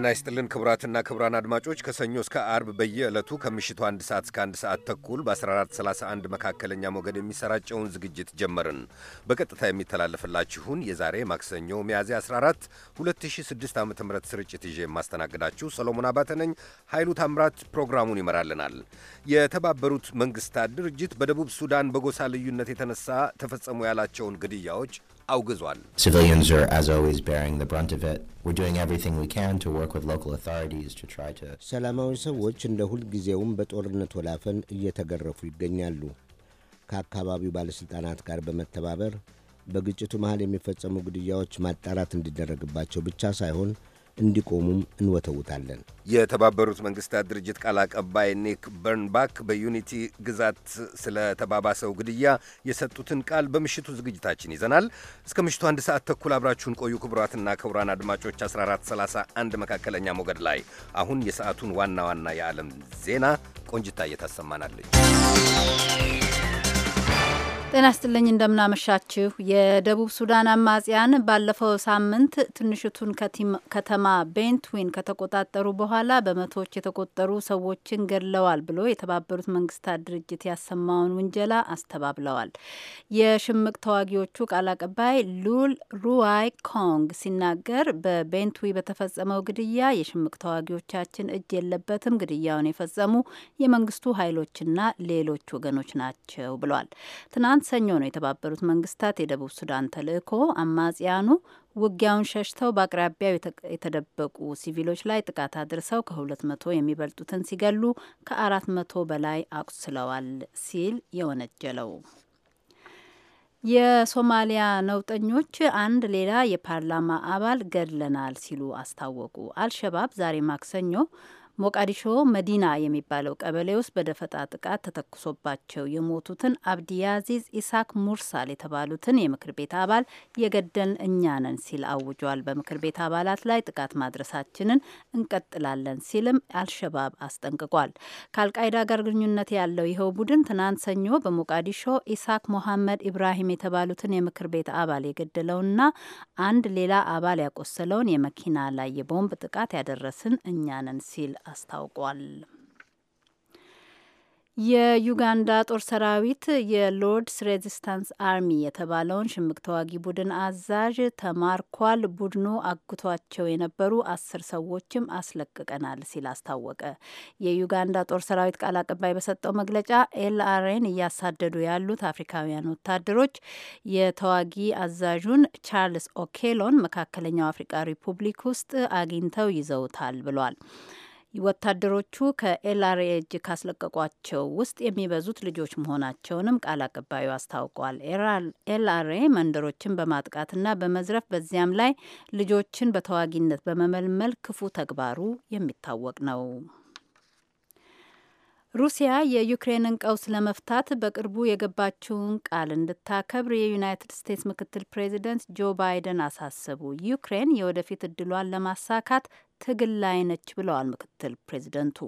ጤና ይስጥልን ክቡራትና ክቡራን አድማጮች ከሰኞ እስከ አርብ በየዕለቱ ከምሽቱ አንድ ሰዓት እስከ አንድ ሰዓት ተኩል በ1431 መካከለኛ ሞገድ የሚሰራጨውን ዝግጅት ጀመርን። በቀጥታ የሚተላለፍላችሁን የዛሬ ማክሰኞ ሚያዝያ 14 2006 ዓ ም ስርጭት ይዤ የማስተናግዳችሁ ሰሎሞን አባተ ነኝ። ኃይሉ ታምራት ፕሮግራሙን ይመራልናል። የተባበሩት መንግስታት ድርጅት በደቡብ ሱዳን በጎሳ ልዩነት የተነሳ ተፈጸሙ ያላቸውን ግድያዎች አውግዟል። ሰላማዊ ሰዎች እንደ ሁልጊዜውም በጦርነት ወላፈን እየተገረፉ ይገኛሉ። ከአካባቢው ባለሥልጣናት ጋር በመተባበር በግጭቱ መሃል የሚፈጸሙ ግድያዎች ማጣራት እንዲደረግባቸው ብቻ ሳይሆን እንዲቆሙም እንወተውታለን። የተባበሩት መንግስታት ድርጅት ቃል አቀባይ ኒክ በርንባክ በዩኒቲ ግዛት ተባባሰው ግድያ የሰጡትን ቃል በምሽቱ ዝግጅታችን ይዘናል። እስከ ምሽቱ አንድ ሰዓት ተኩል አብራችሁን ቆዩ። ክቡራትና ክቡራን አድማጮች 1431 መካከለኛ ሞገድ ላይ አሁን የሰዓቱን ዋና ዋና የዓለም ዜና ቆንጅታ እየታሰማናለች። ጤና ይስጥልኝ እንደምናመሻችሁ። የደቡብ ሱዳን አማጽያን ባለፈው ሳምንት ትንሽቱን ከተማ ቤንትዊን ከተቆጣጠሩ በኋላ በመቶዎች የተቆጠሩ ሰዎችን ገድለዋል ብሎ የተባበሩት መንግስታት ድርጅት ያሰማውን ውንጀላ አስተባብለዋል። የሽምቅ ተዋጊዎቹ ቃል አቀባይ ሉል ሩዋይ ኮንግ ሲናገር በቤንትዊ በተፈጸመው ግድያ የሽምቅ ተዋጊዎቻችን እጅ የለበትም፣ ግድያውን የፈጸሙ የመንግስቱ ኃይሎችና ሌሎች ወገኖች ናቸው ብሏል። ትናንት ትናንት ሰኞ ነው የተባበሩት መንግስታት የደቡብ ሱዳን ተልእኮ አማጽያኑ ውጊያውን ሸሽተው በአቅራቢያው የተደበቁ ሲቪሎች ላይ ጥቃት አድርሰው ከሁለት መቶ የሚበልጡትን ሲገሉ ከአራት መቶ በላይ አቁስለዋል ሲል የወነጀለው የሶማሊያ ነውጠኞች አንድ ሌላ የፓርላማ አባል ገድለናል ሲሉ አስታወቁ። አልሸባብ ዛሬ ማክሰኞ ሞቃዲሾ መዲና የሚባለው ቀበሌ ውስጥ በደፈጣ ጥቃት ተተኩሶባቸው የሞቱትን አብዲያዚዝ ኢሳክ ሙርሳል የተባሉትን የምክር ቤት አባል የገደልን እኛ ነን ሲል አውጇል። በምክር ቤት አባላት ላይ ጥቃት ማድረሳችንን እንቀጥላለን ሲልም አልሸባብ አስጠንቅቋል። ከአልቃይዳ ጋር ግንኙነት ያለው ይኸው ቡድን ትናንት ሰኞ በሞቃዲሾ ኢሳክ ሞሐመድ ኢብራሂም የተባሉትን የምክር ቤት አባል የገደለውና አንድ ሌላ አባል ያቆሰለውን የመኪና ላይ የቦምብ ጥቃት ያደረስን እኛ ነን ሲል አስታውቋል። የዩጋንዳ ጦር ሰራዊት የሎርድስ ሬዚስታንስ አርሚ የተባለውን ሽምቅ ተዋጊ ቡድን አዛዥ ተማርኳል፣ ቡድኑ አግቷቸው የነበሩ አስር ሰዎችም አስለቅቀናል ሲል አስታወቀ። የዩጋንዳ ጦር ሰራዊት ቃል አቀባይ በሰጠው መግለጫ ኤልአርኤን እያሳደዱ ያሉት አፍሪካውያን ወታደሮች የተዋጊ አዛዡን ቻርልስ ኦኬሎን መካከለኛው አፍሪካ ሪፑብሊክ ውስጥ አግኝተው ይዘውታል ብሏል። ወታደሮቹ ከኤልአርኤ እጅ ካስለቀቋቸው ውስጥ የሚበዙት ልጆች መሆናቸውንም ቃል አቀባዩ አስታውቋል። ኤልአርኤ መንደሮችን በማጥቃትና በመዝረፍ በዚያም ላይ ልጆችን በተዋጊነት በመመልመል ክፉ ተግባሩ የሚታወቅ ነው። ሩሲያ የዩክሬንን ቀውስ ለመፍታት በቅርቡ የገባችውን ቃል እንድታከብር የዩናይትድ ስቴትስ ምክትል ፕሬዚደንት ጆ ባይደን አሳሰቡ። ዩክሬን የወደፊት እድሏን ለማሳካት ትግል ላይ ነች ብለዋል ምክትል ፕሬዚደንቱ።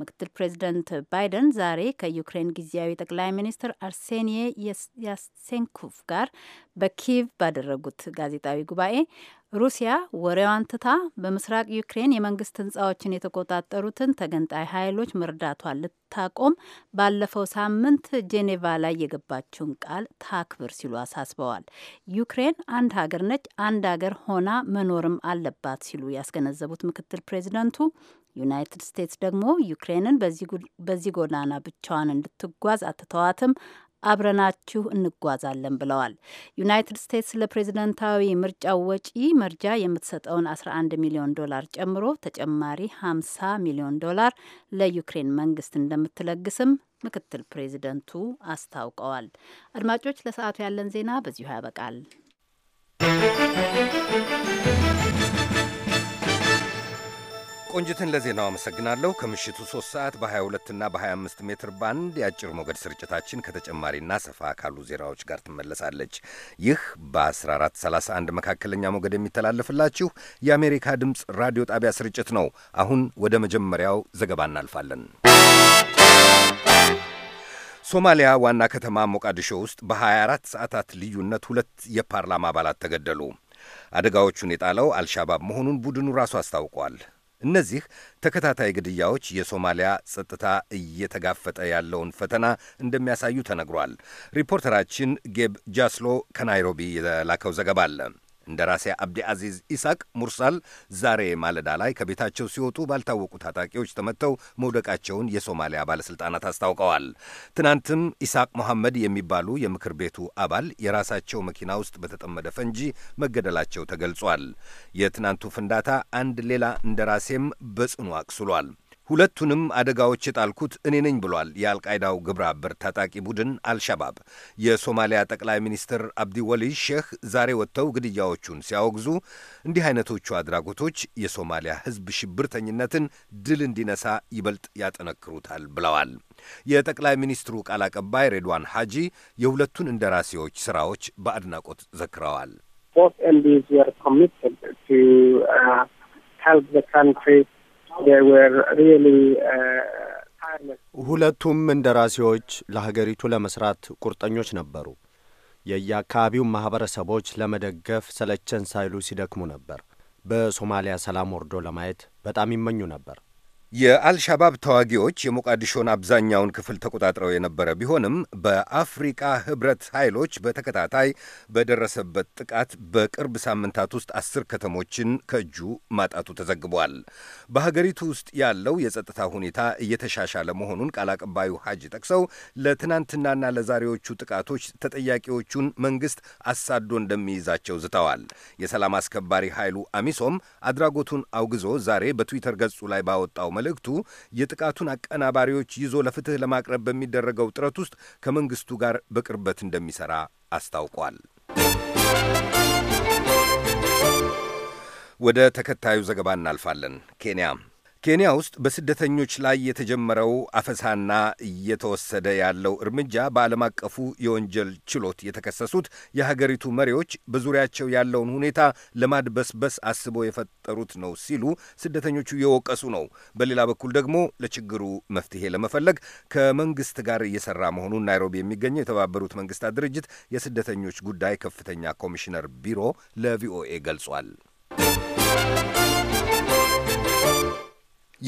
ምክትል ፕሬዚደንት ባይደን ዛሬ ከዩክሬን ጊዜያዊ ጠቅላይ ሚኒስትር አርሴኒ ያሴንኩቭ ጋር በኪቭ ባደረጉት ጋዜጣዊ ጉባኤ ሩሲያ ወሬዋን ትታ በምስራቅ ዩክሬን የመንግስት ህንፃዎችን የተቆጣጠሩትን ተገንጣይ ኃይሎች መርዳቷን ልታቆም ባለፈው ሳምንት ጄኔቫ ላይ የገባችውን ቃል ታክብር ሲሉ አሳስበዋል። ዩክሬን አንድ ሀገር ነች፣ አንድ ሀገር ሆና መኖርም አለባት ሲሉ ያስገነዘቡት ምክትል ፕሬዚደንቱ ዩናይትድ ስቴትስ ደግሞ ዩክሬንን በዚህ ጎዳና ብቻዋን እንድትጓዝ አትተዋትም፣ አብረናችሁ እንጓዛለን ብለዋል። ዩናይትድ ስቴትስ ለፕሬዝደንታዊ ምርጫው ወጪ መርጃ የምትሰጠውን 11 ሚሊዮን ዶላር ጨምሮ ተጨማሪ 50 ሚሊዮን ዶላር ለዩክሬን መንግስት እንደምትለግስም ምክትል ፕሬዚደንቱ አስታውቀዋል። አድማጮች፣ ለሰዓቱ ያለን ዜና በዚሁ ያበቃል። ቆንጅትን ለዜናው አመሰግናለሁ። ከምሽቱ 3 ሰዓት በ22 እና በ25 ሜትር ባንድ የአጭር ሞገድ ስርጭታችን ከተጨማሪና ሰፋ ካሉ ዜናዎች ጋር ትመለሳለች። ይህ በ1431 መካከለኛ ሞገድ የሚተላለፍላችሁ የአሜሪካ ድምፅ ራዲዮ ጣቢያ ስርጭት ነው። አሁን ወደ መጀመሪያው ዘገባ እናልፋለን። ሶማሊያ ዋና ከተማ ሞቃዲሾ ውስጥ በ24 ሰዓታት ልዩነት ሁለት የፓርላማ አባላት ተገደሉ። አደጋዎቹን የጣለው አልሻባብ መሆኑን ቡድኑ ራሱ አስታውቋል። እነዚህ ተከታታይ ግድያዎች የሶማሊያ ጸጥታ እየተጋፈጠ ያለውን ፈተና እንደሚያሳዩ ተነግሯል። ሪፖርተራችን ጌብ ጃስሎ ከናይሮቢ የላከው ዘገባ አለ። እንደራሴ አብዲ አዚዝ ኢሳቅ ሙርሳል ዛሬ ማለዳ ላይ ከቤታቸው ሲወጡ ባልታወቁ ታጣቂዎች ተመተው መውደቃቸውን የሶማሊያ ባለሥልጣናት አስታውቀዋል። ትናንትም ኢሳቅ መሐመድ የሚባሉ የምክር ቤቱ አባል የራሳቸው መኪና ውስጥ በተጠመደ ፈንጂ መገደላቸው ተገልጿል። የትናንቱ ፍንዳታ አንድ ሌላ እንደራሴም በጽኑ አቅስሏል። ሁለቱንም አደጋዎች የጣልኩት እኔ ነኝ ብሏል የአልቃይዳው ግብረ አበር ታጣቂ ቡድን አልሻባብ። የሶማሊያ ጠቅላይ ሚኒስትር አብዲ ወሊ ሼህ ዛሬ ወጥተው ግድያዎቹን ሲያወግዙ እንዲህ አይነቶቹ አድራጎቶች የሶማሊያ ሕዝብ ሽብርተኝነትን ድል እንዲነሳ ይበልጥ ያጠነክሩታል ብለዋል። የጠቅላይ ሚኒስትሩ ቃል አቀባይ ሬድዋን ሐጂ የሁለቱን እንደራሴዎች ስራዎች በአድናቆት ዘክረዋል። Uh, ሁለቱም እንደራሴዎች ለሀገሪቱ ለመስራት ቁርጠኞች ነበሩ። የየአካባቢውን ማኅበረሰቦች ለመደገፍ ሰለቸን ሳይሉ ሲደክሙ ነበር። በሶማሊያ ሰላም ወርዶ ለማየት በጣም ይመኙ ነበር። የአልሻባብ ተዋጊዎች የሞቃዲሾን አብዛኛውን ክፍል ተቆጣጥረው የነበረ ቢሆንም በአፍሪቃ ህብረት ኃይሎች በተከታታይ በደረሰበት ጥቃት በቅርብ ሳምንታት ውስጥ አስር ከተሞችን ከእጁ ማጣቱ ተዘግቧል። በሀገሪቱ ውስጥ ያለው የጸጥታ ሁኔታ እየተሻሻለ መሆኑን ቃል አቀባዩ ሐጂ ጠቅሰው ለትናንትናና ለዛሬዎቹ ጥቃቶች ተጠያቂዎቹን መንግስት አሳዶ እንደሚይዛቸው ዝተዋል። የሰላም አስከባሪ ኃይሉ አሚሶም አድራጎቱን አውግዞ ዛሬ በትዊተር ገጹ ላይ ባወጣው መልእክቱ የጥቃቱን አቀናባሪዎች ይዞ ለፍትህ ለማቅረብ በሚደረገው ጥረት ውስጥ ከመንግስቱ ጋር በቅርበት እንደሚሰራ አስታውቋል። ወደ ተከታዩ ዘገባ እናልፋለን። ኬንያ ኬንያ ውስጥ በስደተኞች ላይ የተጀመረው አፈሳና እየተወሰደ ያለው እርምጃ በዓለም አቀፉ የወንጀል ችሎት የተከሰሱት የሀገሪቱ መሪዎች በዙሪያቸው ያለውን ሁኔታ ለማድበስበስ አስበው የፈጠሩት ነው ሲሉ ስደተኞቹ የወቀሱ ነው። በሌላ በኩል ደግሞ ለችግሩ መፍትሄ ለመፈለግ ከመንግስት ጋር እየሰራ መሆኑን ናይሮቢ የሚገኘው የተባበሩት መንግስታት ድርጅት የስደተኞች ጉዳይ ከፍተኛ ኮሚሽነር ቢሮ ለቪኦኤ ገልጿል።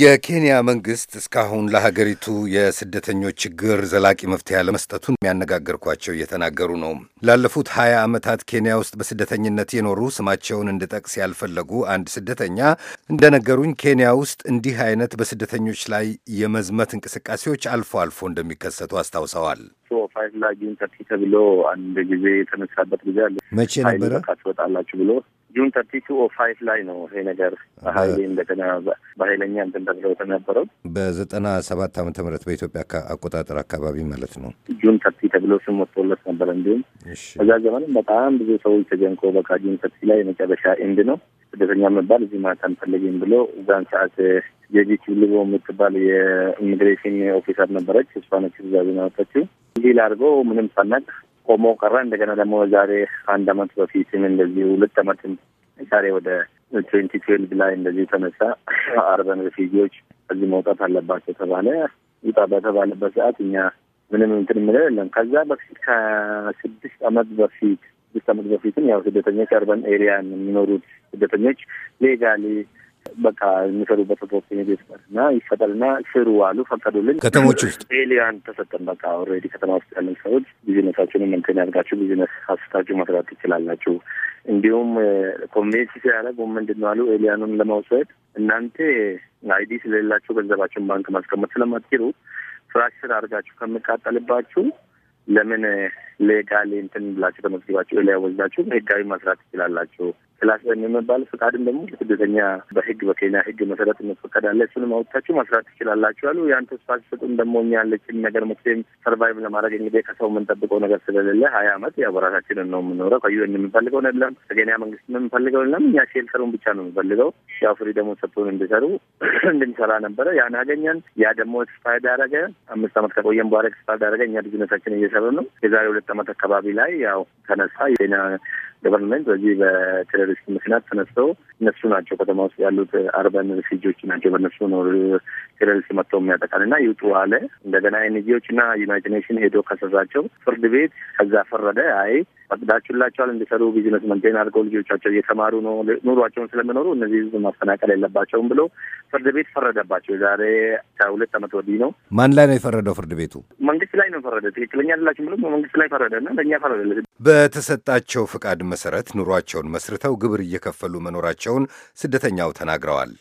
የኬንያ መንግስት እስካሁን ለሀገሪቱ የስደተኞች ችግር ዘላቂ መፍትሄ ለመስጠቱን የሚያነጋገርኳቸው እየተናገሩ ነው። ላለፉት ሀያ ዓመታት ኬንያ ውስጥ በስደተኝነት የኖሩ ስማቸውን እንድጠቅስ ያልፈለጉ አንድ ስደተኛ እንደነገሩኝ ኬንያ ውስጥ እንዲህ አይነት በስደተኞች ላይ የመዝመት እንቅስቃሴዎች አልፎ አልፎ እንደሚከሰቱ አስታውሰዋል። ፋይል ላጊን ተብሎ አንድ ጊዜ የተነሳበት ጊዜ አለ። መቼ ነበረ? ትወጣላችሁ ብሎ ጁን ተርቲ ቱ ፋይቭ ላይ ነው ይሄ ነገር በሀይሌ እንደገና በሀይለኛ እንትን ተብለው የተነበረው በዘጠና ሰባት ዓመተ ምህረት በኢትዮጵያ አቆጣጠር አካባቢ ማለት ነው። ጁን ተርቲ ተብሎ ስም ወጥቶለት ነበረ። እንዲሁም እዛ ዘመንም በጣም ብዙ ሰዎች ተጀንቆ በቃ ጁን ተርቲ ላይ የመጨረሻ ኢንድ ነው ስደተኛ መባል እዚህ ማለት አንፈልግም ብሎ እዛን ሰዓት የጂች ልቦ የምትባል የኢሚግሬሽን ኦፊሰር ነበረች። እሷ ነች ትዕዛዝ ያወጣችው ዲል አድርጎ ምንም ሳናቅ ቆሞ ቀረ። እንደገና ደግሞ ዛሬ አንድ አመት በፊትም እንደዚህ ሁለት አመትም ዛሬ ወደ ትዌንቲ ትዌልቭ ላይ እንደዚህ ተነሳ። አርበን ሪፊውጂዎች እዚህ መውጣት አለባቸው ተባለ። ውጣ በተባለበት ሰዓት እኛ ምንም እንትን የምለው የለም። ከዛ በፊት ከስድስት አመት በፊት ስድስት አመት በፊትም ያው ስደተኞች አርበን ኤሪያ የሚኖሩት ስደተኞች ሌጋሊ በቃ የሚሰሩበት ኦፖርቹኒቲ ይፈጠር እና ይፈጠርና ስሩ አሉ፣ ፈቀዱልን። ከተሞች ውስጥ ኤሊያን ተሰጠን። በቃ ኦልሬዲ ከተማ ውስጥ ያለን ሰዎች ቢዝነሳችሁን መንትን ያድርጋችሁ፣ ቢዝነስ አስታችሁ መስራት ትችላላችሁ። እንዲሁም ኮሜንት ሲያደረጉ ምንድን ነው አሉ ኤሊያኑን ለመውሰድ እናንተ አይዲ ስለሌላችሁ ገንዘባችሁን ባንክ ማስቀመጥ ስለማትችሉ ፍራክሽር አድርጋችሁ ከምቃጠልባችሁ ለምን ሌጋሊ እንትን ብላችሁ ተመዝግባችሁ ላይ ህጋዊ በህጋዊ መስራት ትችላላችሁ። ክላስ የሚባል ፈቃድም ደግሞ ስደተኛ በህግ በኬንያ ህግ መሰረት መፈቀድ አለ። እሱንም አውጥታችሁ መስራት ትችላላችሁ አሉ። ያን ተስፋ ሲሰጡን ደግሞ እኛ ያለችን ነገር መቼም ሰርቫይቭ ለማድረግ እንግዲህ ከሰው የምንጠብቀው ነገር ስለሌለ ሀያ አመት ያው በራሳችንን ነው የምንኖረው። ከዩኤን የምንፈልገው የለም፣ ከኬንያ መንግስት የምንፈልገው የለም። እኛ ሼልተሩን ብቻ ነው የምንፈልገው። ያው ፍሪደሙን ሰጥቶን እንዲሰሩ እንድንሰራ ነበረ። ያን አገኘን። ያ ደግሞ ኤክስፓይርድ ዳረገ። አምስት አመት ከቆየን በኋላ ኤክስፓይርድ ዳረገ። እኛ ቢዝነሳችን እየሰሩ ነው። የዛሬ ሁለት ዓመት አካባቢ ላይ ያው ተነሳ ገቨርንመንት በዚህ በቴሮሪስት ምክንያት ተነስተው እነሱ ናቸው ከተማ ውስጥ ያሉት አርበን ሪፊጂዎች ናቸው በእነሱ ነው ቴሮሪስት መጥተው የሚያጠቃል እና ይውጡ አለ። እንደገና ኤንጂዎች እና ዩናይትድ ኔሽን ሄዶ ከሰሳቸው ፍርድ ቤት ከዛ ፈረደ። አይ ፈቅዳችሁላቸዋል እንዲሰሩ ቢዝነስ መንቴን አድርገው ልጆቻቸው እየተማሩ ነው ኑሯቸውን ስለሚኖሩ እነዚህ ህዝብ ማፈናቀል የለባቸውም ብሎ ፍርድ ቤት ፈረደባቸው። የዛሬ ከሁለት ዓመት ወዲህ ነው። ማን ላይ ነው የፈረደው ፍርድ ቤቱ? መንግስት ላይ ነው የፈረደ። ትክክለኛ አይደላችሁም ብሎ መንግስት ላይ ፈረደ እና ለእኛ ፈረደለት በተሰጣቸው ፍቃድ መሠረት ኑሯቸውን መስርተው ግብር እየከፈሉ መኖራቸውን ስደተኛው ተናግረዋል።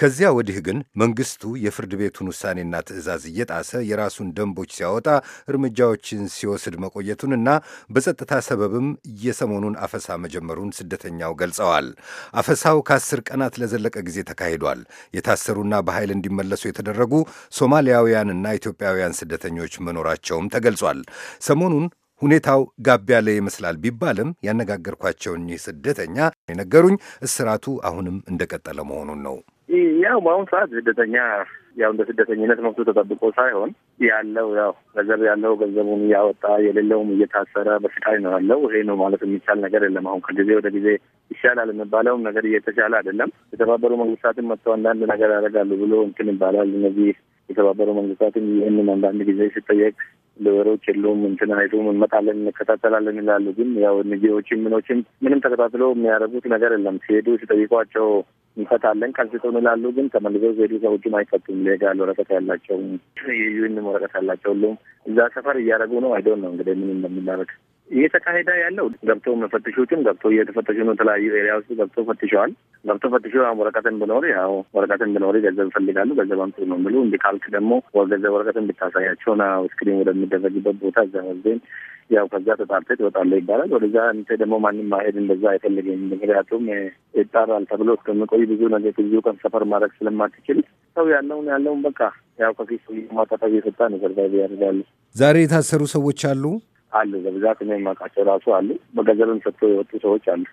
ከዚያ ወዲህ ግን መንግሥቱ የፍርድ ቤቱን ውሳኔና ትዕዛዝ እየጣሰ የራሱን ደንቦች ሲያወጣ እርምጃዎችን ሲወስድ መቆየቱንና በጸጥታ ሰበብም የሰሞኑን አፈሳ መጀመሩን ስደተኛው ገልጸዋል። አፈሳው ከአስር ቀናት ለዘለቀ ጊዜ ተካሂዷል። የታሰሩና በኃይል እንዲመለሱ የተደረጉ ሶማሊያውያንና ኢትዮጵያውያን ስደተኞች መኖራቸውም ተገልጿል። ሰሞኑን ሁኔታው ጋብ ያለ ይመስላል ቢባልም ያነጋገርኳቸው እኚህ ስደተኛ የነገሩኝ እስራቱ አሁንም እንደቀጠለ መሆኑን ነው። ያው በአሁኑ ሰዓት ስደተኛ ያው እንደ ስደተኝነት መብቱ ተጠብቆ ሳይሆን ያለው ያው ገንዘብ ያለው ገንዘቡን እያወጣ የሌለውም እየታሰረ በስቃይ ነው ያለው። ይሄ ነው ማለት የሚቻል ነገር የለም። አሁን ከጊዜ ወደ ጊዜ ይሻላል የሚባለውም ነገር እየተሻለ አይደለም። የተባበሩ መንግስታትን መጥተው አንዳንድ ነገር ያደርጋሉ ብሎ እንትን ይባላል። እነዚህ የተባበሩ መንግስታትም ይህንን አንዳንድ ጊዜ ሲጠየቅ ለወሮች የሉም እንትን አይቱም እንመጣለን፣ እንከታተላለን ይላሉ። ግን ያው ንጌዎችም ምኖችም ምንም ተከታትሎ የሚያደርጉት ነገር የለም። ሲሄዱ ሲጠይቋቸው እንፈታለን ቀልስጡን ይላሉ። ግን ተመልሰው ሲሄዱ ሰዎችም አይፈቱም። ሌጋል ወረቀት ያላቸውም የዩን ወረቀት ያላቸው ሁሉም እዛ ሰፈር እያደረጉ ነው። አይዶን ነው እንግዲህ ምን እንደሚላረግ እየተካሄደ ያለው ገብቶ መፈትሾችም ገብቶ እየተፈተሹ ነው። የተለያዩ ኤሪያ ውስጥ ገብቶ ፈትሸዋል። ገብቶ ፈትሾ ወረቀትን ብኖር ያው ወረቀትን ብኖር ገንዘብ ይፈልጋሉ። ገንዘብ አምጡ ነው የሚሉ እንዲ ካልክ ደግሞ ገንዘብ ወረቀት እንድታሳያቸው ና ስክሪን ወደሚደረግበት ቦታ እዛ መዝቤን ያው ከዛ ተጣርተ ትወጣለህ ይባላል። ወደዛ እንተ ደግሞ ማንም ማሄድ እንደዛ አይፈልግም። ምክንያቱም ይጣራል ተብሎ እስከምቆይ ብዙ ነገር ብዙ ቀን ሰፈር ማድረግ ስለማትችል ሰው ያለውን ያለውን በቃ ያው ከፊት ማጣጣ እየሰጣ ነው ሰርቫይቭ ያደርጋሉ። ዛሬ የታሰሩ ሰዎች አሉ። አሉ። በብዛት እኔ የማውቃቸው ራሱ አሉ። በገንዘብም ሰጥቶ የወጡ ሰዎች አሉ።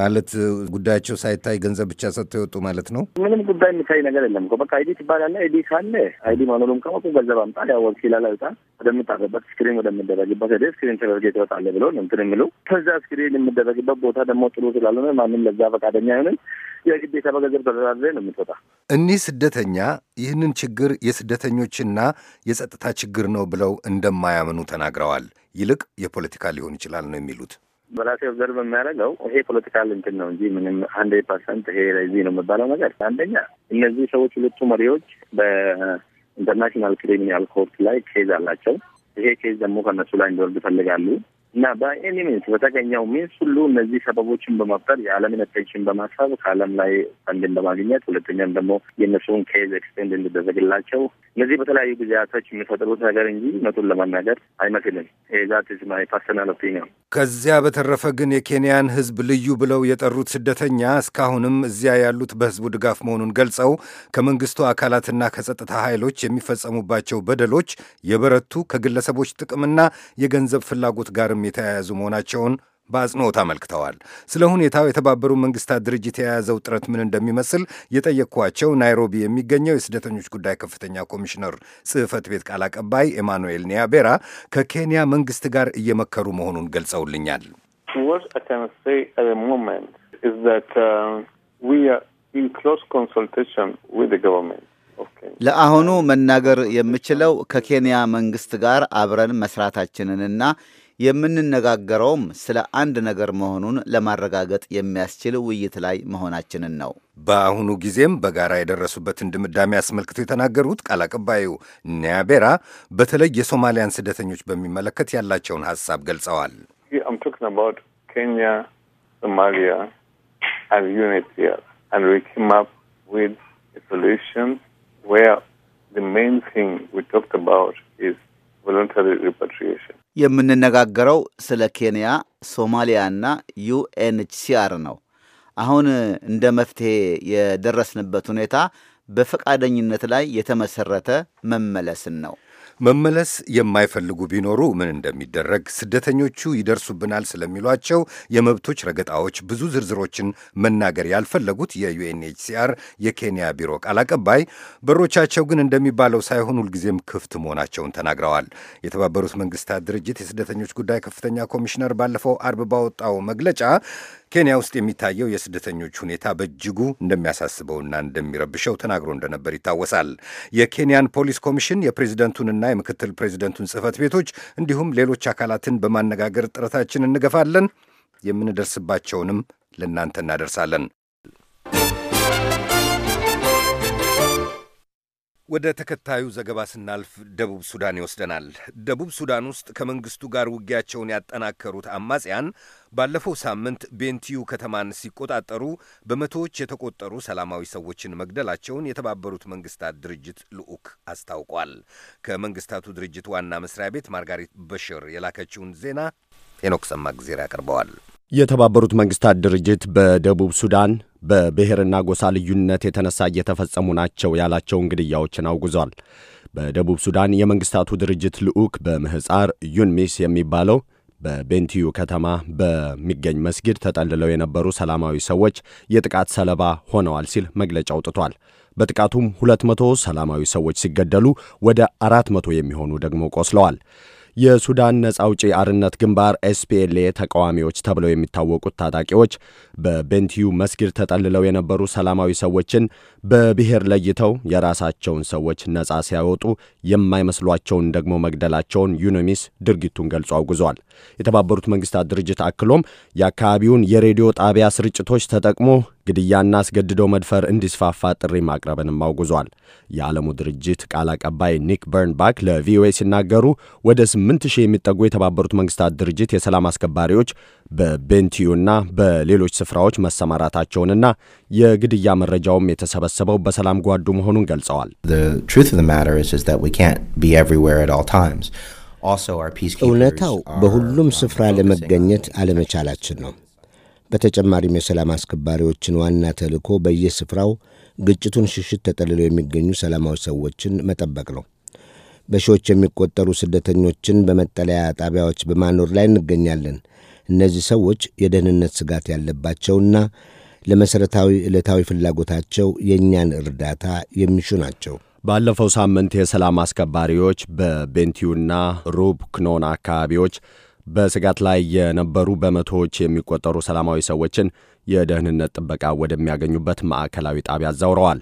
ማለት ጉዳያቸው ሳይታይ ገንዘብ ብቻ ሰጥተው የወጡ ማለት ነው። ምንም ጉዳይ የሚታይ ነገር የለም። በቃ አይዲ ትባላለ። አይዲ ካለ አይዲ መኖሩም ከወቁ ገንዘብ አምጣ፣ ያ ወኪል አላወጣ ወደምታረበት ስክሪን ወደምደረግበት ደ ስክሪን ተደርጌ ትወጣለ ብሎ እንትን የሚሉ ከዛ ስክሪን የምደረግበት ቦታ ደግሞ ጥሩ ስላልሆነ ማንም ለዛ ፈቃደኛ አይሆንም። የግዴታ በገንዘብ ተደራድረህ ነው የምትወጣ። እኒህ ስደተኛ ይህንን ችግር የስደተኞችና የጸጥታ ችግር ነው ብለው እንደማያምኑ ተናግረዋል። ይልቅ የፖለቲካ ሊሆን ይችላል ነው የሚሉት። በራሴ ኦብዘርቭ የሚያደርገው ይሄ ፖለቲካል እንትን ነው እንጂ ምንም አንድ ፐርሰንት ይሄ ለዚህ ነው የሚባለው ነገር አንደኛ እነዚህ ሰዎች ሁለቱ መሪዎች በኢንተርናሽናል ክሪሚናል ኮርት ላይ ኬዝ አላቸው። ይሄ ኬዝ ደግሞ ከነሱ ላይ እንዲወርድ ይፈልጋሉ። እና በኤኒ ሚንስ በተገኘው ሚንስ ሁሉ እነዚህ ሰበቦችን በመፍጠር የዓለምን አቴንሽን በማሳብ ከዓለም ላይ ፈንድን በማግኘት ሁለተኛም ደግሞ የእነሱን ኬዝ ኤክስቴንድ እንድደረግላቸው እነዚህ በተለያዩ ጊዜያቶች የሚፈጥሩት ነገር እንጂ እውነቱን ለመናገር አይመስልም። ዛት ኢዝ ማይ ፐርሰናል ኦፒኒየን። ከዚያ በተረፈ ግን የኬንያን ሕዝብ ልዩ ብለው የጠሩት ስደተኛ እስካሁንም እዚያ ያሉት በሕዝቡ ድጋፍ መሆኑን ገልጸው ከመንግስቱ አካላትና ከጸጥታ ኃይሎች የሚፈጸሙባቸው በደሎች የበረቱ ከግለሰቦች ጥቅምና የገንዘብ ፍላጎት ጋርም የተያያዙ መሆናቸውን በአጽንኦት አመልክተዋል። ስለ ሁኔታው የተባበሩ መንግስታት ድርጅት የያዘው ጥረት ምን እንደሚመስል የጠየቅኳቸው ናይሮቢ የሚገኘው የስደተኞች ጉዳይ ከፍተኛ ኮሚሽነር ጽሕፈት ቤት ቃል አቀባይ ኤማኑኤል ኒያቤራ ከኬንያ መንግስት ጋር እየመከሩ መሆኑን ገልጸውልኛል። um, ለአሁኑ መናገር የምችለው ከኬንያ መንግስት ጋር አብረን መስራታችንንና የምንነጋገረውም ስለ አንድ ነገር መሆኑን ለማረጋገጥ የሚያስችል ውይይት ላይ መሆናችንን ነው። በአሁኑ ጊዜም በጋራ የደረሱበትን ድምዳሜ አስመልክቶ የተናገሩት ቃል አቀባዩ ኒያቤራ በተለይ የሶማሊያን ስደተኞች በሚመለከት ያላቸውን ሀሳብ ገልጸዋል። ሶማሊያ ሜን የምንነጋገረው ስለ ኬንያ፣ ሶማሊያና ዩኤንኤችሲአር ነው። አሁን እንደ መፍትሄ የደረስንበት ሁኔታ በፈቃደኝነት ላይ የተመሰረተ መመለስን ነው። መመለስ የማይፈልጉ ቢኖሩ ምን እንደሚደረግ፣ ስደተኞቹ ይደርሱብናል ስለሚሏቸው የመብቶች ረገጣዎች ብዙ ዝርዝሮችን መናገር ያልፈለጉት የዩኤንኤችሲአር የኬንያ ቢሮ ቃል አቀባይ በሮቻቸው ግን እንደሚባለው ሳይሆን ሁልጊዜም ክፍት መሆናቸውን ተናግረዋል። የተባበሩት መንግስታት ድርጅት የስደተኞች ጉዳይ ከፍተኛ ኮሚሽነር ባለፈው አርብ ባወጣው መግለጫ ኬንያ ውስጥ የሚታየው የስደተኞች ሁኔታ በእጅጉ እንደሚያሳስበውና እንደሚረብሸው ተናግሮ እንደነበር ይታወሳል። የኬንያን ፖሊስ ኮሚሽን የፕሬዚደንቱንና የምክትል ፕሬዚደንቱን ጽህፈት ቤቶች እንዲሁም ሌሎች አካላትን በማነጋገር ጥረታችን እንገፋለን። የምንደርስባቸውንም ለእናንተ እናደርሳለን። ወደ ተከታዩ ዘገባ ስናልፍ ደቡብ ሱዳን ይወስደናል። ደቡብ ሱዳን ውስጥ ከመንግስቱ ጋር ውጊያቸውን ያጠናከሩት አማጽያን ባለፈው ሳምንት ቤንቲዩ ከተማን ሲቆጣጠሩ በመቶዎች የተቆጠሩ ሰላማዊ ሰዎችን መግደላቸውን የተባበሩት መንግስታት ድርጅት ልዑክ አስታውቋል። ከመንግስታቱ ድርጅት ዋና መስሪያ ቤት ማርጋሪት በሽር የላከችውን ዜና ሄኖክ ጊዜር ያቀርበዋል። የተባበሩት መንግስታት ድርጅት በደቡብ ሱዳን በብሔርና ጎሳ ልዩነት የተነሳ እየተፈጸሙ ናቸው ያላቸውን ግድያዎችን አውግዟል። በደቡብ ሱዳን የመንግስታቱ ድርጅት ልዑክ በምህፃር ዩንሚስ የሚባለው በቤንቲዩ ከተማ በሚገኝ መስጊድ ተጠልለው የነበሩ ሰላማዊ ሰዎች የጥቃት ሰለባ ሆነዋል ሲል መግለጫ አውጥቷል። በጥቃቱም 200 ሰላማዊ ሰዎች ሲገደሉ ወደ 400 የሚሆኑ ደግሞ ቆስለዋል። የሱዳን ነጻ አውጪ አርነት ግንባር ኤስፒኤልኤ ተቃዋሚዎች ተብለው የሚታወቁት ታጣቂዎች በቤንቲዩ መስጊድ ተጠልለው የነበሩ ሰላማዊ ሰዎችን በብሔር ለይተው የራሳቸውን ሰዎች ነጻ ሲያወጡ የማይመስሏቸውን ደግሞ መግደላቸውን ዩኖሚስ ድርጊቱን ገልጾ አውግዟል። የተባበሩት መንግስታት ድርጅት አክሎም የአካባቢውን የሬዲዮ ጣቢያ ስርጭቶች ተጠቅሞ ግድያና አስገድዶ መድፈር እንዲስፋፋ ጥሪ ማቅረብንም አውግዟል። የዓለሙ ድርጅት ቃል አቀባይ ኒክ በርንባክ ለቪኦኤ ሲናገሩ ወደ 8000 የሚጠጉ የተባበሩት መንግስታት ድርጅት የሰላም አስከባሪዎች በቤንቲዩና በሌሎች ስፍራዎች መሰማራታቸውንና የግድያ መረጃውም የተሰበሰበው በሰላም ጓዱ መሆኑን ገልጸዋል። እውነታው በሁሉም ስፍራ ለመገኘት አለመቻላችን ነው። በተጨማሪም የሰላም አስከባሪዎችን ዋና ተልእኮ በየስፍራው ግጭቱን ሽሽት ተጠልለው የሚገኙ ሰላማዊ ሰዎችን መጠበቅ ነው። በሺዎች የሚቆጠሩ ስደተኞችን በመጠለያ ጣቢያዎች በማኖር ላይ እንገኛለን። እነዚህ ሰዎች የደህንነት ስጋት ያለባቸውና ለመሠረታዊ ዕለታዊ ፍላጎታቸው የእኛን እርዳታ የሚሹ ናቸው። ባለፈው ሳምንት የሰላም አስከባሪዎች በቤንቲዩና ሩብ ክኖን አካባቢዎች በስጋት ላይ የነበሩ በመቶዎች የሚቆጠሩ ሰላማዊ ሰዎችን የደህንነት ጥበቃ ወደሚያገኙበት ማዕከላዊ ጣቢያ አዛውረዋል።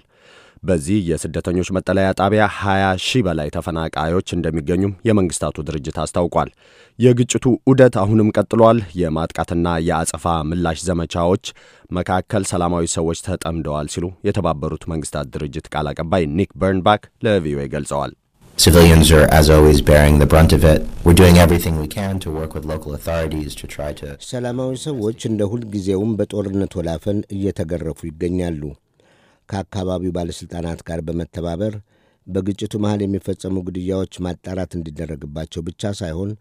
በዚህ የስደተኞች መጠለያ ጣቢያ 20 ሺህ በላይ ተፈናቃዮች እንደሚገኙም የመንግስታቱ ድርጅት አስታውቋል። የግጭቱ ዑደት አሁንም ቀጥሏል። የማጥቃትና የአጸፋ ምላሽ ዘመቻዎች መካከል ሰላማዊ ሰዎች ተጠምደዋል ሲሉ የተባበሩት መንግስታት ድርጅት ቃል አቀባይ ኒክ በርንባክ ለቪኦኤ ገልጸዋል። Civilians are, as always, bearing the brunt of it. We're doing everything we can to work with local authorities to try to... ሰላማዊ ሰዎች እንደ ሁልጊዜውም በጦርነት ወላፈን እየተገረፉ ይገኛሉ። ከአካባቢው ባለሥልጣናት ጋር በመተባበር በግጭቱ መሃል የሚፈጸሙ ግድያዎች ማጣራት እንዲደረግባቸው ብቻ ሳይሆን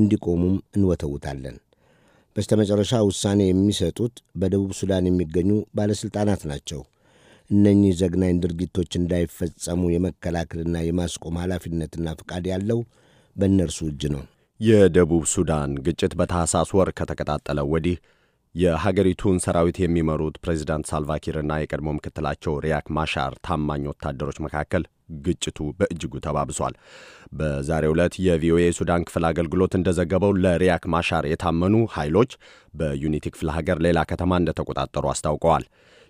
እንዲቆሙም እንወተውታለን። በስተመጨረሻ ውሳኔ የሚሰጡት በደቡብ ሱዳን የሚገኙ ባለሥልጣናት ናቸው። እነኚህ ዘግናኝ ድርጊቶች እንዳይፈጸሙ የመከላከልና የማስቆም ኃላፊነትና ፍቃድ ያለው በእነርሱ እጅ ነው። የደቡብ ሱዳን ግጭት በታህሳስ ወር ከተቀጣጠለ ወዲህ የሀገሪቱን ሰራዊት የሚመሩት ፕሬዚዳንት ሳልቫኪርና የቀድሞ ምክትላቸው ሪያክ ማሻር ታማኝ ወታደሮች መካከል ግጭቱ በእጅጉ ተባብሷል። በዛሬው ዕለት የቪኦኤ ሱዳን ክፍል አገልግሎት እንደዘገበው ለሪያክ ማሻር የታመኑ ኃይሎች በዩኒቲ ክፍለ ሀገር ሌላ ከተማ እንደተቆጣጠሩ አስታውቀዋል።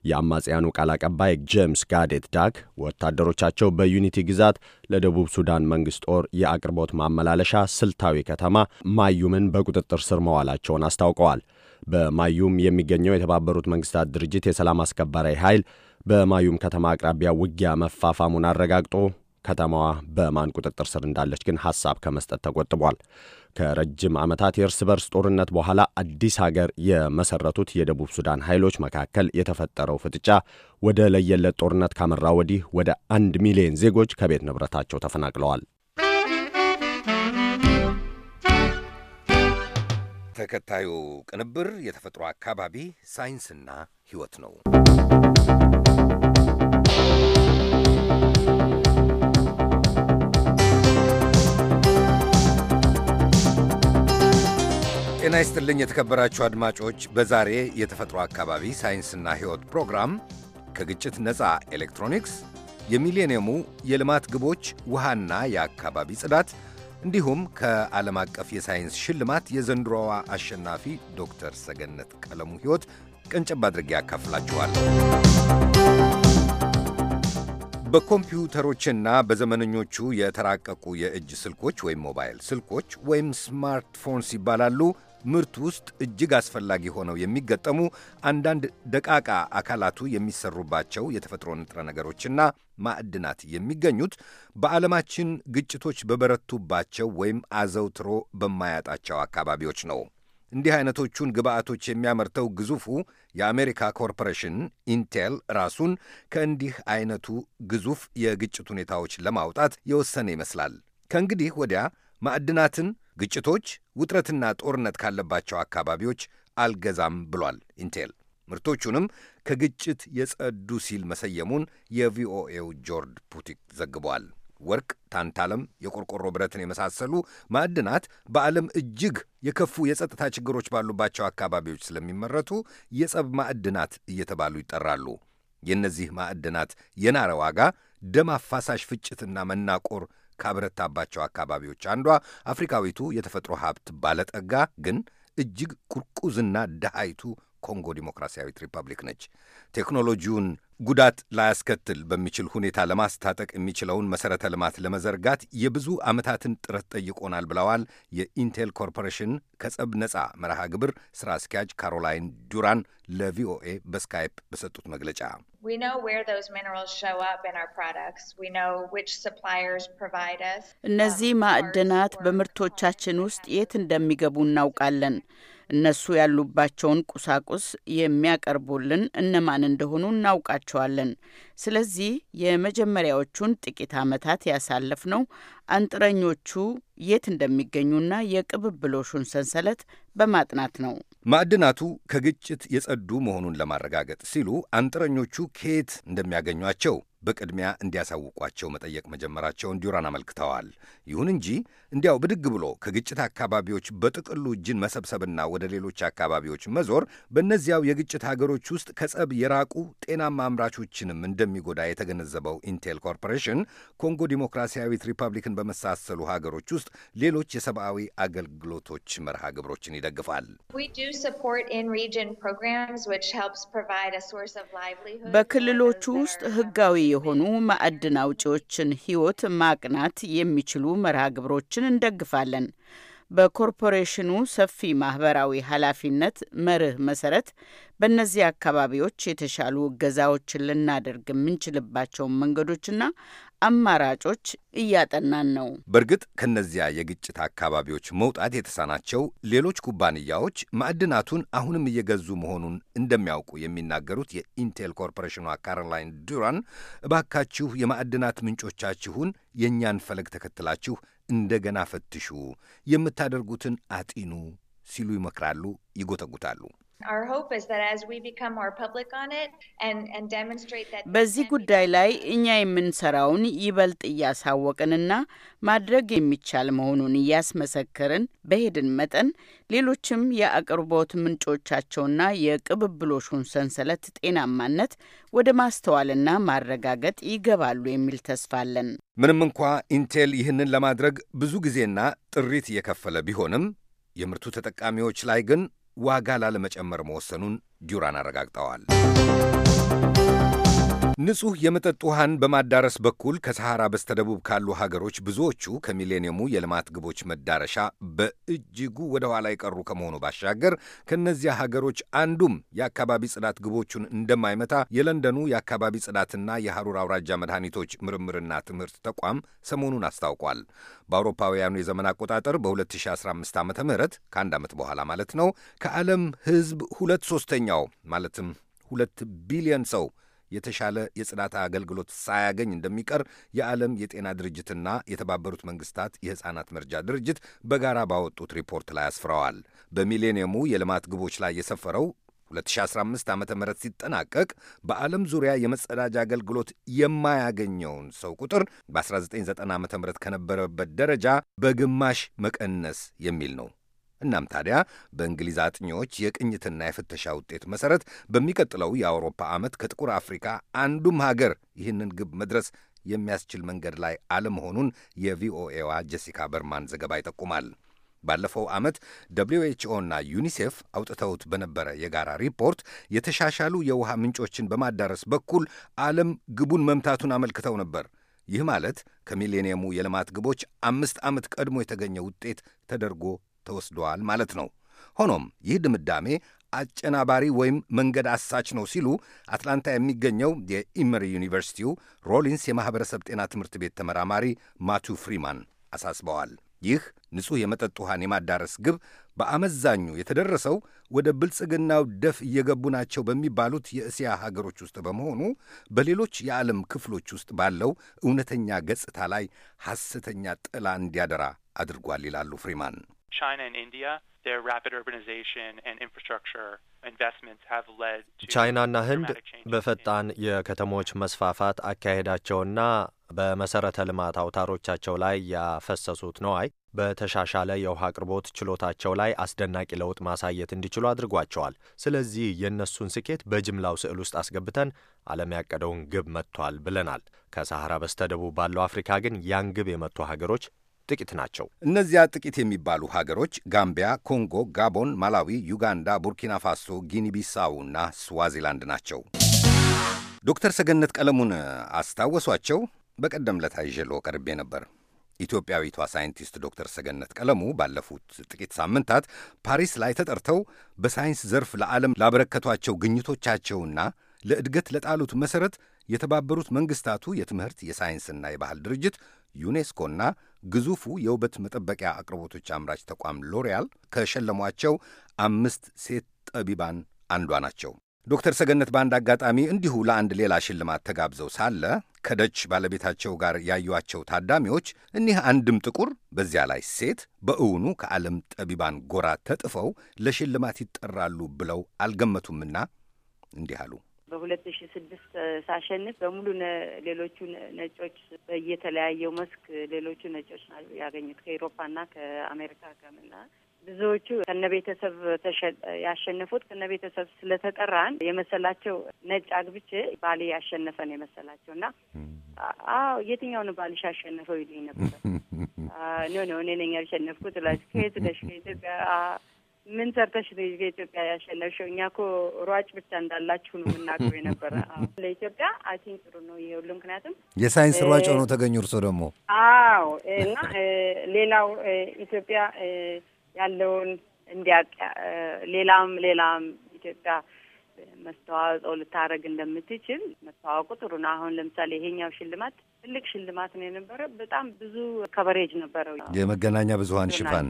የአማጽያኑ ቃል አቀባይ ጄምስ ጋዴት ዳክ ወታደሮቻቸው በዩኒቲ ግዛት ለደቡብ ሱዳን መንግሥት ጦር የአቅርቦት ማመላለሻ ስልታዊ ከተማ ማዩምን በቁጥጥር ስር መዋላቸውን አስታውቀዋል። በማዩም የሚገኘው የተባበሩት መንግሥታት ድርጅት የሰላም አስከባሪ ኃይል በማዩም ከተማ አቅራቢያ ውጊያ መፋፋሙን አረጋግጦ ከተማዋ በማን ቁጥጥር ስር እንዳለች ግን ሐሳብ ከመስጠት ተቆጥቧል። ከረጅም ዓመታት የእርስ በርስ ጦርነት በኋላ አዲስ ሀገር የመሰረቱት የደቡብ ሱዳን ኃይሎች መካከል የተፈጠረው ፍጥጫ ወደ ለየለት ጦርነት ካመራ ወዲህ ወደ አንድ ሚሊዮን ዜጎች ከቤት ንብረታቸው ተፈናቅለዋል። ተከታዩ ቅንብር የተፈጥሮ አካባቢ ሳይንስና ሕይወት ነው። ጤና ይስጥልኝ የተከበራችሁ አድማጮች። በዛሬ የተፈጥሮ አካባቢ ሳይንስና ሕይወት ፕሮግራም ከግጭት ነፃ ኤሌክትሮኒክስ፣ የሚሌኒየሙ የልማት ግቦች፣ ውሃና የአካባቢ ጽዳት እንዲሁም ከዓለም አቀፍ የሳይንስ ሽልማት የዘንድሮዋ አሸናፊ ዶክተር ሰገነት ቀለሙ ሕይወት ቀንጨብ አድርጌ ያካፍላችኋል። በኮምፒውተሮችና በዘመነኞቹ የተራቀቁ የእጅ ስልኮች ወይም ሞባይል ስልኮች ወይም ስማርትፎንስ ይባላሉ ምርት ውስጥ እጅግ አስፈላጊ ሆነው የሚገጠሙ አንዳንድ ደቃቃ አካላቱ የሚሰሩባቸው የተፈጥሮ ንጥረ ነገሮችና ማዕድናት የሚገኙት በዓለማችን ግጭቶች በበረቱባቸው ወይም አዘውትሮ በማያጣቸው አካባቢዎች ነው። እንዲህ አይነቶቹን ግብአቶች የሚያመርተው ግዙፉ የአሜሪካ ኮርፖሬሽን ኢንቴል ራሱን ከእንዲህ አይነቱ ግዙፍ የግጭት ሁኔታዎች ለማውጣት የወሰነ ይመስላል። ከእንግዲህ ወዲያ ማዕድናትን ግጭቶች፣ ውጥረትና ጦርነት ካለባቸው አካባቢዎች አልገዛም ብሏል ኢንቴል። ምርቶቹንም ከግጭት የጸዱ ሲል መሰየሙን የቪኦኤው ጆርድ ፑቲክ ዘግቧል። ወርቅ፣ ታንታለም፣ የቆርቆሮ ብረትን የመሳሰሉ ማዕድናት በዓለም እጅግ የከፉ የጸጥታ ችግሮች ባሉባቸው አካባቢዎች ስለሚመረቱ የጸብ ማዕድናት እየተባሉ ይጠራሉ። የእነዚህ ማዕድናት የናረ ዋጋ ደም አፋሳሽ ፍጭትና መናቆር ካብረታባቸው አካባቢዎች አንዷ አፍሪካዊቱ የተፈጥሮ ሀብት ባለጠጋ ግን እጅግ ቁርቁዝና ደሃይቱ ኮንጎ ዲሞክራሲያዊት ሪፐብሊክ ነች። ቴክኖሎጂውን ጉዳት ላያስከትል በሚችል ሁኔታ ለማስታጠቅ የሚችለውን መሠረተ ልማት ለመዘርጋት የብዙ ዓመታትን ጥረት ጠይቆናል ብለዋል የኢንቴል ኮርፖሬሽን ከጸብ ነፃ መርሃ ግብር ሥራ አስኪያጅ ካሮላይን ዱራን ለቪኦኤ በስካይፕ በሰጡት መግለጫ። um, እነዚህ ማዕድናት በምርቶቻችን ውስጥ የት እንደሚገቡ እናውቃለን። እነሱ ያሉባቸውን ቁሳቁስ የሚያቀርቡልን እነማን እንደሆኑ እናውቃቸዋለን። ስለዚህ የመጀመሪያዎቹን ጥቂት ዓመታት ያሳለፍ ነው አንጥረኞቹ የት እንደሚገኙና የቅብብሎሹን ሰንሰለት በማጥናት ነው። ማዕድናቱ ከግጭት የጸዱ መሆኑን ለማረጋገጥ ሲሉ አንጥረኞቹ ከየት እንደሚያገኟቸው በቅድሚያ እንዲያሳውቋቸው መጠየቅ መጀመራቸውን ዲዩራን አመልክተዋል። ይሁን እንጂ እንዲያው ብድግ ብሎ ከግጭት አካባቢዎች በጥቅሉ እጅን መሰብሰብና ወደ ሌሎች አካባቢዎች መዞር በእነዚያው የግጭት ሀገሮች ውስጥ ከጸብ የራቁ ጤናማ አምራቾችንም እንደሚጎዳ የተገነዘበው ኢንቴል ኮርፖሬሽን ኮንጎ ዲሞክራሲያዊት ሪፐብሊክን በመሳሰሉ ሀገሮች ውስጥ ሌሎች የሰብአዊ አገልግሎቶች መርሃ ግብሮችን ይደግፋል። በክልሎቹ ውስጥ ህጋዊ የሆኑ ማዕድን አውጪዎችን ሕይወት ማቅናት የሚችሉ መርሃ ግብሮችን እንደግፋለን። በኮርፖሬሽኑ ሰፊ ማህበራዊ ኃላፊነት መርህ መሰረት በእነዚህ አካባቢዎች የተሻሉ እገዛዎችን ልናደርግ የምንችልባቸውን መንገዶችና አማራጮች እያጠናን ነው። በእርግጥ ከነዚያ የግጭት አካባቢዎች መውጣት የተሳናቸው ሌሎች ኩባንያዎች ማዕድናቱን አሁንም እየገዙ መሆኑን እንደሚያውቁ የሚናገሩት የኢንቴል ኮርፖሬሽኗ ካሮላይን ዱራን እባካችሁ የማዕድናት ምንጮቻችሁን የእኛን ፈለግ ተከትላችሁ እንደገና ፈትሹ፣ የምታደርጉትን አጢኑ ሲሉ ይመክራሉ፣ ይጎተጉታሉ። በዚህ ጉዳይ ላይ እኛ የምንሰራውን ይበልጥ እያሳወቅንና ማድረግ የሚቻል መሆኑን እያስመሰከርን በሄድን መጠን ሌሎችም የአቅርቦት ምንጮቻቸውና የቅብብሎሹን ሰንሰለት ጤናማነት ወደ ማስተዋልና ማረጋገጥ ይገባሉ የሚል ተስፋ አለን። ምንም እንኳ ኢንቴል ይህንን ለማድረግ ብዙ ጊዜና ጥሪት እየከፈለ ቢሆንም የምርቱ ተጠቃሚዎች ላይ ግን ዋጋ ላለመጨመር መወሰኑን ዱራን አረጋግጠዋል። ንጹህ የመጠጥ ውሃን በማዳረስ በኩል ከሰሐራ በስተደቡብ ካሉ ሀገሮች ብዙዎቹ ከሚሌኒየሙ የልማት ግቦች መዳረሻ በእጅጉ ወደ ኋላ የቀሩ ከመሆኑ ባሻገር ከእነዚያ ሀገሮች አንዱም የአካባቢ ጽዳት ግቦቹን እንደማይመታ የለንደኑ የአካባቢ ጽዳትና የሐሩር አውራጃ መድኃኒቶች ምርምርና ትምህርት ተቋም ሰሞኑን አስታውቋል። በአውሮፓውያኑ የዘመን አቆጣጠር በ2015 ዓ ም ከአንድ ዓመት በኋላ ማለት ነው ከዓለም ሕዝብ ሁለት ሦስተኛው ማለትም ሁለት ቢሊዮን ሰው የተሻለ የጽዳት አገልግሎት ሳያገኝ እንደሚቀር የዓለም የጤና ድርጅትና የተባበሩት መንግስታት የሕፃናት መርጃ ድርጅት በጋራ ባወጡት ሪፖርት ላይ አስፍረዋል። በሚሌኒየሙ የልማት ግቦች ላይ የሰፈረው 2015 ዓ ም ሲጠናቀቅ በዓለም ዙሪያ የመጸዳጃ አገልግሎት የማያገኘውን ሰው ቁጥር በ1990 ዓ ም ከነበረበት ደረጃ በግማሽ መቀነስ የሚል ነው። እናም ታዲያ በእንግሊዝ አጥኚዎች የቅኝትና የፍተሻ ውጤት መሰረት በሚቀጥለው የአውሮፓ ዓመት ከጥቁር አፍሪካ አንዱም ሀገር ይህንን ግብ መድረስ የሚያስችል መንገድ ላይ አለመሆኑን የቪኦኤዋ ጀሲካ በርማን ዘገባ ይጠቁማል። ባለፈው ዓመት ደብሊው ኤች ኦ እና ዩኒሴፍ አውጥተውት በነበረ የጋራ ሪፖርት የተሻሻሉ የውሃ ምንጮችን በማዳረስ በኩል ዓለም ግቡን መምታቱን አመልክተው ነበር። ይህ ማለት ከሚሌኒየሙ የልማት ግቦች አምስት ዓመት ቀድሞ የተገኘ ውጤት ተደርጎ ተወስደዋል ማለት ነው። ሆኖም ይህ ድምዳሜ አጨናባሪ ወይም መንገድ አሳች ነው ሲሉ አትላንታ የሚገኘው የኢመሪ ዩኒቨርሲቲው ሮሊንስ የማኅበረሰብ ጤና ትምህርት ቤት ተመራማሪ ማቱ ፍሪማን አሳስበዋል። ይህ ንጹሕ የመጠጥ ውሃን የማዳረስ ግብ በአመዛኙ የተደረሰው ወደ ብልጽግናው ደፍ እየገቡ ናቸው በሚባሉት የእስያ ሀገሮች ውስጥ በመሆኑ በሌሎች የዓለም ክፍሎች ውስጥ ባለው እውነተኛ ገጽታ ላይ ሐሰተኛ ጥላ እንዲያደራ አድርጓል ይላሉ ፍሪማን። ቻይናና ህንድ በፈጣን የከተሞች መስፋፋት አካሄዳቸውና በመሰረተ ልማት አውታሮቻቸው ላይ ያፈሰሱት ነዋይ በተሻሻለ የውሃ አቅርቦት ችሎታቸው ላይ አስደናቂ ለውጥ ማሳየት እንዲችሉ አድርጓቸዋል። ስለዚህ የእነሱን ስኬት በጅምላው ስዕል ውስጥ አስገብተን ዓለም ያቀደውን ግብ መጥቷል ብለናል። ከሳሐራ በስተ ደቡብ ባለው አፍሪካ ግን ያን ግብ የመቱ ሀገሮች ጥቂት ናቸው። እነዚያ ጥቂት የሚባሉ ሀገሮች ጋምቢያ፣ ኮንጎ፣ ጋቦን፣ ማላዊ፣ ዩጋንዳ፣ ቡርኪና ፋሶ፣ ጊኒ ቢሳው እና ስዋዚላንድ ናቸው። ዶክተር ሰገነት ቀለሙን አስታወሷቸው። በቀደም ለታ ይዤሎ ቀርቤ ነበር። ኢትዮጵያዊቷ ሳይንቲስት ዶክተር ሰገነት ቀለሙ ባለፉት ጥቂት ሳምንታት ፓሪስ ላይ ተጠርተው በሳይንስ ዘርፍ ለዓለም ላበረከቷቸው ግኝቶቻቸውና ለእድገት ለጣሉት መሠረት የተባበሩት መንግሥታቱ የትምህርት የሳይንስና የባህል ድርጅት ዩኔስኮና ግዙፉ የውበት መጠበቂያ አቅርቦቶች አምራች ተቋም ሎሪያል ከሸለሟቸው አምስት ሴት ጠቢባን አንዷ ናቸው። ዶክተር ሰገነት በአንድ አጋጣሚ እንዲሁ ለአንድ ሌላ ሽልማት ተጋብዘው ሳለ ከደች ባለቤታቸው ጋር ያዩቸው ታዳሚዎች እኒህ አንድም ጥቁር በዚያ ላይ ሴት በእውኑ ከዓለም ጠቢባን ጎራ ተጥፈው ለሽልማት ይጠራሉ ብለው አልገመቱምና እንዲህ አሉ። በሁለት ሺ ስድስት ሳሸንፍ በሙሉ ሌሎቹ ነጮች በየተለያየው መስክ ሌሎቹ ነጮች ያገኙት ከኤሮፓና ከአሜሪካ ከምና ብዙዎቹ ከነ ቤተሰብ ያሸነፉት ከነ ቤተሰብ ስለተጠራን የመሰላቸው ነጭ አግብቼ ባሌ ያሸነፈን የመሰላቸው እና አዎ የትኛውን ባልሽ ያሸነፈው ይሉኝ ነበር። ኖ ኖ እኔ ነኝ ያሸነፍኩት ላ ከየት ነሽ ከኢትዮጵያ ምን ሰርተሽ ነው ከኢትዮጵያ ያሸነፍሽው? እኛ እኮ ሯጭ ብቻ እንዳላችሁ ነው የምናውቀው የነበረ። ለኢትዮጵያ አይ ቲንክ ጥሩ ነው ይሄ ሁሉ። ምክንያቱም የሳይንስ ሯጭ ሆኖ ተገኙ እርሶ ደግሞ። አዎ እና ሌላው ኢትዮጵያ ያለውን እንዲያውቅ ሌላም ሌላም ኢትዮጵያ መስተዋጽኦ ልታደረግ እንደምትችል መተዋወቁ ጥሩ ነው። አሁን ለምሳሌ ይሄኛው ሽልማት ትልቅ ሽልማት ነው የነበረ። በጣም ብዙ ከቨሬጅ ነበረው የመገናኛ ብዙሀን ሽፋን።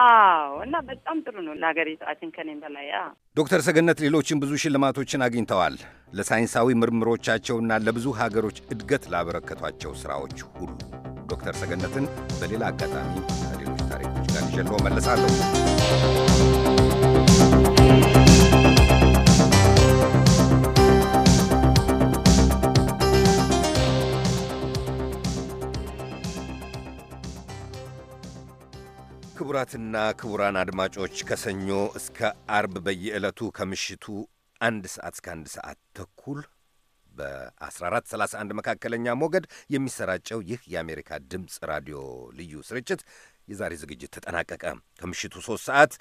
አዎ እና በጣም ጥሩ ነው ለሀገሪቱ አችን ከኔም በላይ ዶክተር ሰገነት ሌሎችን ብዙ ሽልማቶችን አግኝተዋል። ለሳይንሳዊ ምርምሮቻቸውና ለብዙ ሀገሮች እድገት ላበረከቷቸው ስራዎች ሁሉ ዶክተር ሰገነትን በሌላ አጋጣሚ ከሌሎች ታሪኮች ጋር ይዤ መለሳለሁ። ክቡራትና ክቡራን አድማጮች ከሰኞ እስከ አርብ በየዕለቱ ከምሽቱ አንድ ሰዓት እስከ አንድ ሰዓት ተኩል በ1431 መካከለኛ ሞገድ የሚሰራጨው ይህ የአሜሪካ ድምፅ ራዲዮ ልዩ ስርጭት የዛሬ ዝግጅት ተጠናቀቀ። ከምሽቱ ሶስት ሰዓት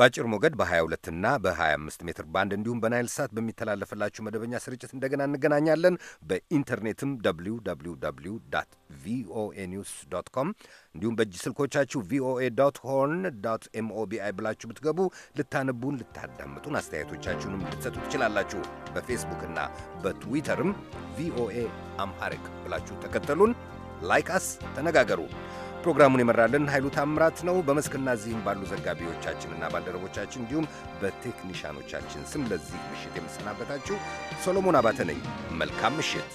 በአጭር ሞገድ በ22 እና በ25 ሜትር ባንድ እንዲሁም በናይል ሳት በሚተላለፍላችሁ መደበኛ ስርጭት እንደገና እንገናኛለን። በኢንተርኔትም ደብሊው ደብሊው ደብሊው ዶት ቪኦኤ ኒውስ ዶት ኮም እንዲሁም በእጅ ስልኮቻችሁ ቪኦኤ ዶት ሆርን ዶት ኤምኦቢአይ ብላችሁ ብትገቡ ልታነቡን፣ ልታዳምጡን አስተያየቶቻችሁንም ልትሰጡ ትችላላችሁ። በፌስቡክና በትዊተርም ቪኦኤ አምሃሪክ ብላችሁ ተከተሉን፣ ላይክ አስ፣ ተነጋገሩ። ፕሮግራሙን የመራልን ኃይሉ ታምራት ነው። በመስክና እዚህም ባሉ ዘጋቢዎቻችንና ባልደረቦቻችን እንዲሁም በቴክኒሻኖቻችን ስም ለዚህ ምሽት የምሰናበታችሁ ሶሎሞን አባተ ነኝ። መልካም ምሽት።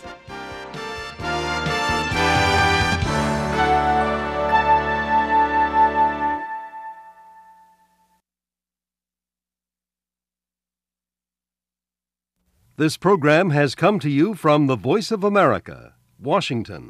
This program has come to you from the Voice of America, Washington.